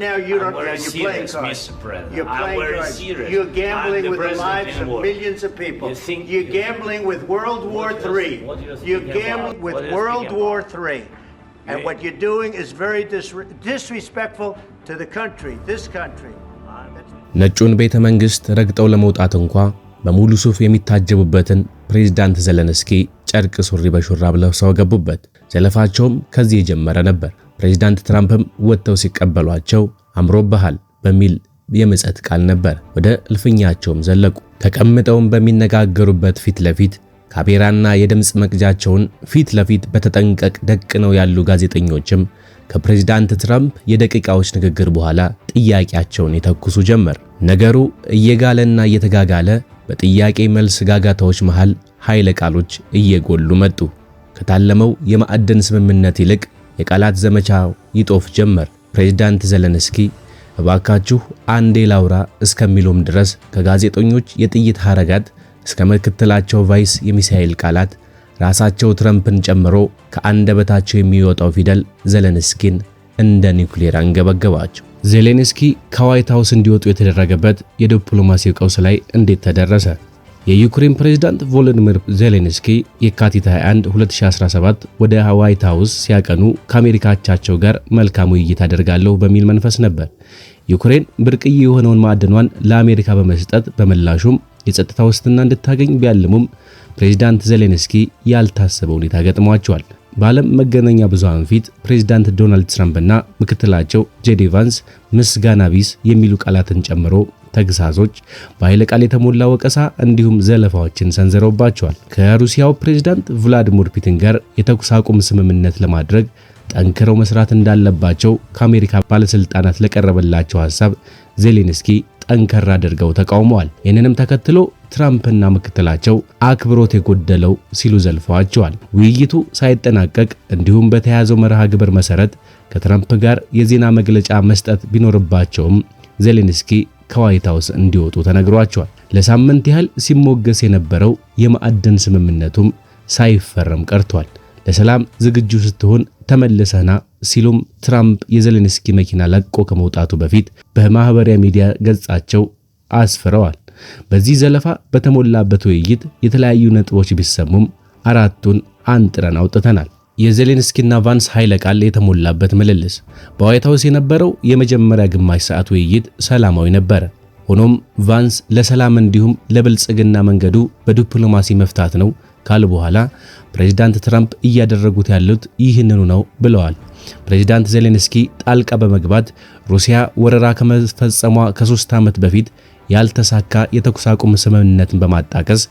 Now you don't, you're serious, playing cards. You're playing cards. You're gambling with the lives of millions of people. You think you're gambling with World War III. You're gambling with World War III. And what you're doing is very disrespectful to the country, this country. ነጩን ቤተ መንግስት ረግጠው ለመውጣት እንኳ በሙሉ ሱፍ የሚታጀቡበትን ፕሬዝዳንት ዘለንስኪ ጨርቅ ሱሪ በሹራብ ለብሰው ገቡበት። ዘለፋቸውም ከዚህ የጀመረ ነበር። ፕሬዚዳንት ትራምፕም ወጥተው ሲቀበሏቸው አምሮብሃል በሚል የምጸት ቃል ነበር። ወደ እልፍኛቸውም ዘለቁ። ተቀምጠውም በሚነጋገሩበት ፊት ለፊት ካሜራና የድምፅ መቅጃቸውን ፊት ለፊት በተጠንቀቅ ደቅነው ያሉ ጋዜጠኞችም ከፕሬዚዳንት ትራምፕ የደቂቃዎች ንግግር በኋላ ጥያቄያቸውን የተኩሱ ጀመር። ነገሩ እየጋለና እየተጋጋለ በጥያቄ መልስ ጋጋታዎች መሃል ኃይለ ቃሎች እየጎሉ መጡ። ከታለመው የማዕድን ስምምነት ይልቅ የቃላት ዘመቻ ይጦፍ ጀመር። ፕሬዝዳንት ዘለንስኪ እባካችሁ አንዴ ላውራ እስከሚሉም ድረስ ከጋዜጠኞች የጥይት ሐረጋት እስከ ምክትላቸው ቫይስ የሚሳኤል ቃላት ራሳቸው ትረምፕን ጨምሮ ከአንደበታቸው የሚወጣው ፊደል ዘለንስኪን እንደ ኒውክሌር አንገበገባቸው። ዜሌንስኪ ከዋይት ሀውስ እንዲወጡ የተደረገበት የዲፕሎማሲ ቀውስ ላይ እንዴት ተደረሰ? የዩክሬን ፕሬዝዳንት ቮሎዲሚር ዜሌንስኪ የካቲት 21 2017 ወደ ዋይት ሃውስ ሲያቀኑ ከአሜሪካቻቸው ጋር መልካም ውይይት አደርጋለሁ በሚል መንፈስ ነበር። ዩክሬን ብርቅዬ የሆነውን ማዕድኗን ለአሜሪካ በመስጠት በምላሹም የጸጥታ ዋስትና እንድታገኝ ቢያልሙም ፕሬዝዳንት ዜሌንስኪ ያልታሰበ ሁኔታ ገጥሟቸዋል። በዓለም መገናኛ ብዙሃን ፊት ፕሬዝዳንት ዶናልድ ትራምፕና ምክትላቸው ጄዲ ቫንስ ምስጋና ቢስ የሚሉ ቃላትን ጨምሮ ተግሳጾች፣ በኃይለ ቃል የተሞላ ወቀሳ እንዲሁም ዘለፋዎችን ሰንዝረውባቸዋል። ከሩሲያው ፕሬዝዳንት ቭላዲሚር ፑቲን ጋር የተኩስ አቁም ስምምነት ለማድረግ ጠንክረው መስራት እንዳለባቸው ከአሜሪካ ባለስልጣናት ለቀረበላቸው ሐሳብ ዜሌንስኪ ጠንከር አድርገው ተቃውመዋል። ይህንንም ተከትሎ ትራምፕና ምክትላቸው አክብሮት የጎደለው ሲሉ ዘልፈዋቸዋል። ውይይቱ ሳይጠናቀቅ እንዲሁም በተያያዘው መርሃ ግብር መሰረት ከትራምፕ ጋር የዜና መግለጫ መስጠት ቢኖርባቸውም ዜሌንስኪ ከዋይት ሀውስ እንዲወጡ ተነግሯቸዋል። ለሳምንት ያህል ሲሞገስ የነበረው የማዕድን ስምምነቱም ሳይፈረም ቀርቷል። ለሰላም ዝግጁ ስትሆን ተመልሰና ሲሉም ትራምፕ የዘሌንስኪ መኪና ለቆ ከመውጣቱ በፊት በማህበራዊ ሚዲያ ገጻቸው አስፍረዋል። በዚህ ዘለፋ በተሞላበት ውይይት የተለያዩ ነጥቦች ቢሰሙም አራቱን አንጥረን አውጥተናል። የዜሌንስኪና ቫንስ ኃይለ ቃል የተሞላበት ምልልስ በዋይት ሀውስ የነበረው የመጀመሪያ ግማሽ ሰዓት ውይይት ሰላማዊ ነበር። ሆኖም ቫንስ ለሰላም እንዲሁም ለብልጽግና መንገዱ በዲፕሎማሲ መፍታት ነው ካሉ በኋላ ፕሬዚዳንት ትራምፕ እያደረጉት ያሉት ይህንኑ ነው ብለዋል። ፕሬዚዳንት ዜሌንስኪ ጣልቃ በመግባት ሩሲያ ወረራ ከመፈጸሟ ከሶስት ዓመት በፊት ያልተሳካ የተኩስ አቁም ስምምነትን በማጣቀስ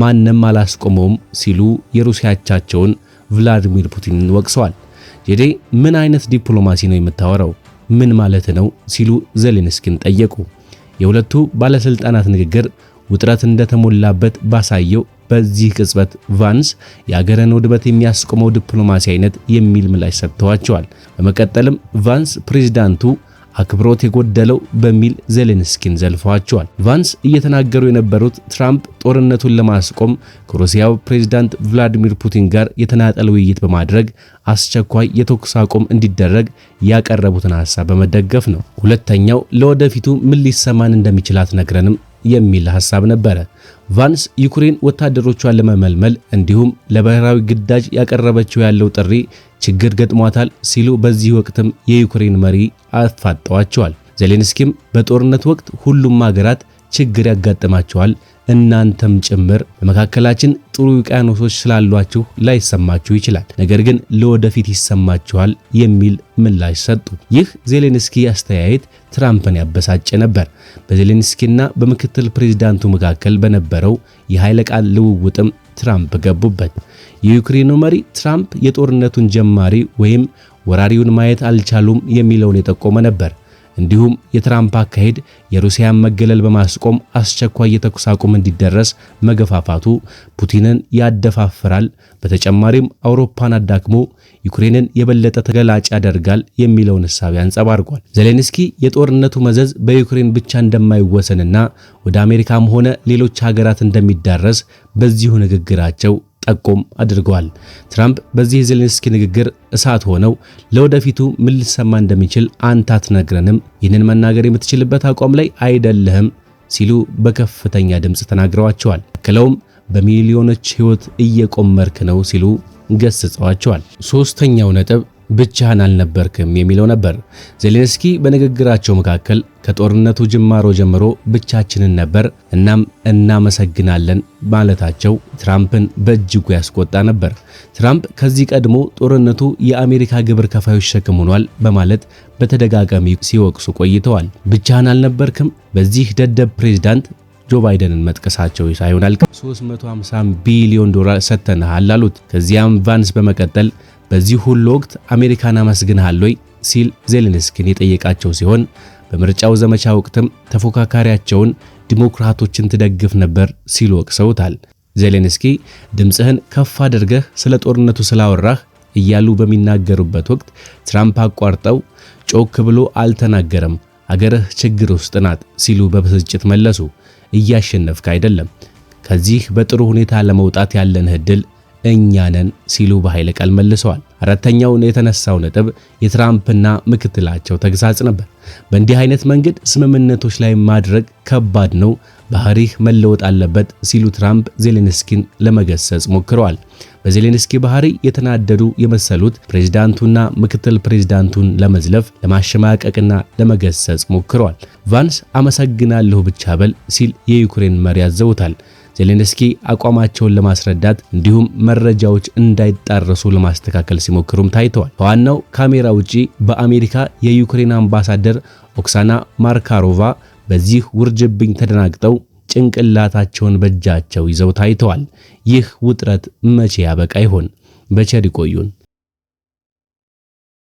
ማንም አላስቆመውም ሲሉ የሩሲያቻቸውን ቭላዲሚር ፑቲንን ወቅሰዋል። ጄዴ ምን አይነት ዲፕሎማሲ ነው የምታወራው? ምን ማለት ነው ሲሉ ዜሌንስኪን ጠየቁ። የሁለቱ ባለስልጣናት ንግግር ውጥረት እንደተሞላበት ባሳየው በዚህ ቅጽበት ቫንስ የአገርን ውድበት የሚያስቆመው ዲፕሎማሲ አይነት የሚል ምላሽ ሰጥተዋቸዋል። በመቀጠልም ቫንስ ፕሬዚዳንቱ አክብሮት የጎደለው በሚል ዜሌንስኪን ዘልፈዋቸዋል። ቫንስ እየተናገሩ የነበሩት ትራምፕ ጦርነቱን ለማስቆም ከሩሲያው ፕሬዝዳንት ቭላዲሚር ፑቲን ጋር የተናጠል ውይይት በማድረግ አስቸኳይ የተኩስ አቁም እንዲደረግ ያቀረቡትን ሐሳብ በመደገፍ ነው። ሁለተኛው ለወደፊቱ ምን ሊሰማን እንደሚችል አትነግረንም የሚል ሐሳብ ነበረ። ቫንስ ዩክሬን ወታደሮቿን ለመመልመል እንዲሁም ለብሔራዊ ግዳጅ ያቀረበችው ያለው ጥሪ ችግር ገጥሟታል ሲሉ በዚህ ወቅትም የዩክሬን መሪ አፋጠዋቸዋል። ዜሌንስኪም በጦርነት ወቅት ሁሉም ሀገራት ችግር ያጋጥማቸዋል እናንተም ጭምር በመካከላችን ጥሩ ውቅያኖሶች ስላሏችሁ ላይሰማችሁ ይችላል፣ ነገር ግን ለወደፊት ይሰማችኋል የሚል ምላሽ ሰጡ። ይህ ዜሌንስኪ አስተያየት ትራምፕን ያበሳጨ ነበር። በዜሌንስኪና በምክትል ፕሬዚዳንቱ መካከል በነበረው የኃይለ ቃል ልውውጥም ትራምፕ ገቡበት። የዩክሬኑ መሪ ትራምፕ የጦርነቱን ጀማሪ ወይም ወራሪውን ማየት አልቻሉም የሚለውን የጠቆመ ነበር። እንዲሁም የትራምፕ አካሄድ የሩሲያን መገለል በማስቆም አስቸኳይ የተኩስ አቁም እንዲደረስ መገፋፋቱ ፑቲንን ያደፋፍራል፣ በተጨማሪም አውሮፓን አዳክሞ ዩክሬንን የበለጠ ተገላጭ ያደርጋል የሚለውን እሳቤ አንጸባርቋል። ዜሌንስኪ የጦርነቱ መዘዝ በዩክሬን ብቻ እንደማይወሰንና ወደ አሜሪካም ሆነ ሌሎች ሀገራት እንደሚዳረስ በዚሁ ንግግራቸው ጠቆም አድርገዋል። ትራምፕ በዚህ የዜሌንስኪ ንግግር እሳት ሆነው ለወደፊቱ ምን ሊሰማ እንደሚችል አንተ አትነግረንም፣ ይህንን መናገር የምትችልበት አቋም ላይ አይደለህም ሲሉ በከፍተኛ ድምፅ ተናግረዋቸዋል። ክለውም በሚሊዮኖች ሕይወት እየቆመርክ ነው ሲሉ ገስጸዋቸዋል። ሶስተኛው ነጥብ ብቻህን አልነበርክም የሚለው ነበር። ዜሌንስኪ በንግግራቸው መካከል ከጦርነቱ ጅማሮ ጀምሮ ብቻችንን ነበር፣ እናም እናመሰግናለን ማለታቸው ትራምፕን በእጅጉ ያስቆጣ ነበር። ትራምፕ ከዚህ ቀድሞ ጦርነቱ የአሜሪካ ግብር ከፋዮች ሸክም ሆኗል በማለት በተደጋጋሚ ሲወቅሱ ቆይተዋል። ብቻህን አልነበርክም በዚህ ደደብ ፕሬዝዳንት ጆ ባይደንን መጥቀሳቸው ሳይሆን አልቀ 350 ቢሊዮን ዶላር ሰጥተንሃል አሉት። ከዚያም ቫንስ በመቀጠል በዚህ ሁሉ ወቅት አሜሪካን አመስግንሃል ወይ ሲል ዜሌንስኪን የጠየቃቸው ሲሆን በምርጫው ዘመቻ ወቅትም ተፎካካሪያቸውን ዲሞክራቶችን ትደግፍ ነበር ሲሉ ወቅሰውታል። ዜሌንስኪ ድምፅህን ከፍ አድርገህ ስለ ጦርነቱ ስላወራህ እያሉ በሚናገሩበት ወቅት ትራምፕ አቋርጠው ጮክ ብሎ አልተናገረም፣ አገርህ ችግር ውስጥ ናት ሲሉ በብስጭት መለሱ። እያሸነፍክ አይደለም፣ ከዚህ በጥሩ ሁኔታ ለመውጣት ያለንህ ዕድል እኛ ነን ሲሉ በኃይለ ቃል መልሰዋል። አራተኛው የተነሳው ነጥብ የትራምፕና ምክትላቸው ተግሳጽ ነበር። በእንዲህ አይነት መንገድ ስምምነቶች ላይ ማድረግ ከባድ ነው፣ ባህሪህ መለወጥ አለበት ሲሉ ትራምፕ ዜሌንስኪን ለመገሰጽ ሞክረዋል። በዜሌንስኪ ባህሪ የተናደዱ የመሰሉት ፕሬዝዳንቱና ምክትል ፕሬዝዳንቱን ለመዝለፍ ለማሸማቀቅና ለመገሰጽ ሞክረዋል። ቫንስ አመሰግናለሁ ብቻ በል ሲል የዩክሬን መሪ ያዘውታል። ዜሌንስኪ አቋማቸውን ለማስረዳት እንዲሁም መረጃዎች እንዳይጣረሱ ለማስተካከል ሲሞክሩም ታይተዋል። ከዋናው ካሜራ ውጪ በአሜሪካ የዩክሬን አምባሳደር ኦክሳና ማርካሮቫ በዚህ ውርጅብኝ ተደናግጠው ጭንቅላታቸውን በእጃቸው ይዘው ታይተዋል። ይህ ውጥረት መቼ ያበቃ ይሆን? በቸር ይቆዩን።